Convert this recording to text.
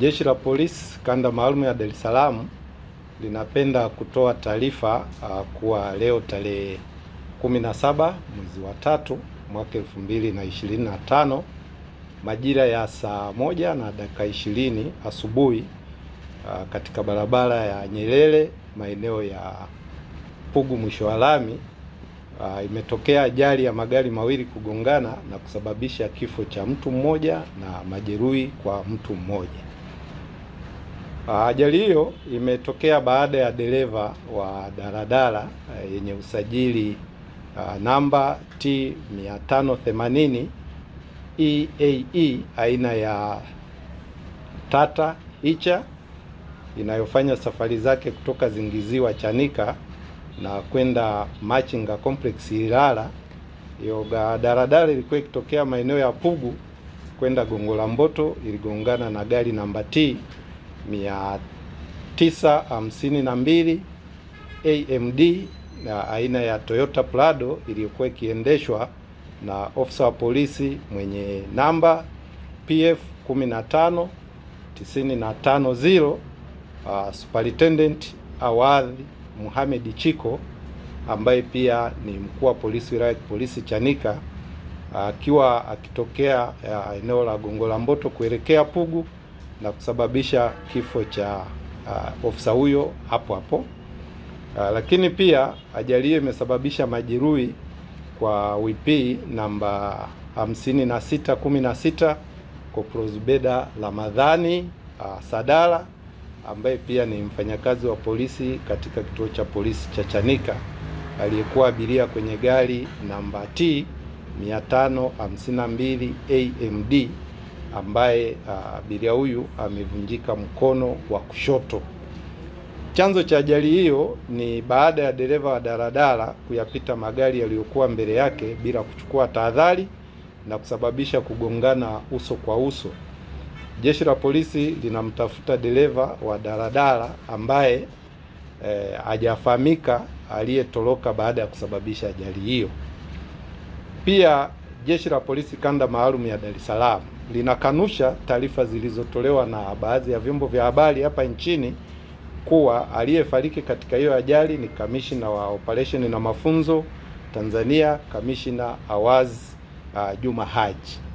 Jeshi la Polisi kanda maalum ya Dar es Salaam linapenda kutoa taarifa uh, kuwa leo tarehe 17 mwezi wa tatu mwaka 2025 majira ya saa moja na dakika ishirini asubuhi uh, katika barabara ya Nyerere maeneo ya Pugu mwisho wa lami uh, imetokea ajali ya magari mawili kugongana na kusababisha kifo cha mtu mmoja na majeruhi kwa mtu mmoja. Ajali hiyo imetokea baada ya dereva wa daladala eh, yenye usajili ah, namba T 580 EAE aina ya Tata Icha inayofanya safari zake kutoka Zingiziwa Chanika na kwenda Machinga Complex Ilala. Hiyo daladala ilikuwa ikitokea maeneo ya Pugu kwenda Gongo la Mboto iligongana na gari namba T 952 AMD na aina ya Toyota Prado iliyokuwa ikiendeshwa na ofisa wa polisi mwenye namba PF 15 uh, Superintendent Awadhi Mohamed Chiko ambaye pia ni mkuu wa polisi wilaya ya polisi Chanika akiwa uh, akitokea uh, eneo la Gongo la Mboto kuelekea Pugu na kusababisha kifo cha uh, ofisa huyo hapo hapo. Uh, lakini pia ajali hiyo imesababisha majeruhi kwa WP namba 5616 Koprozbeda Ramadhani uh, Sadala ambaye pia ni mfanyakazi wa polisi katika kituo cha polisi cha Chanika aliyekuwa abiria kwenye gari namba T 552 AMD ambaye ah, abiria huyu amevunjika mkono wa kushoto. Chanzo cha ajali hiyo ni baada ya dereva wa daladala kuyapita magari yaliyokuwa mbele yake bila kuchukua tahadhari na kusababisha kugongana uso kwa uso. Jeshi la polisi linamtafuta dereva wa daladala ambaye eh, hajafahamika aliyetoroka baada ya kusababisha ajali hiyo. Pia jeshi la polisi kanda maalum ya Dar es Salaam linakanusha taarifa zilizotolewa na baadhi ya vyombo vya habari hapa nchini kuwa aliyefariki katika hiyo ajali ni kamishina wa operesheni na mafunzo Tanzania, kamishina Awaz uh, Juma Haji.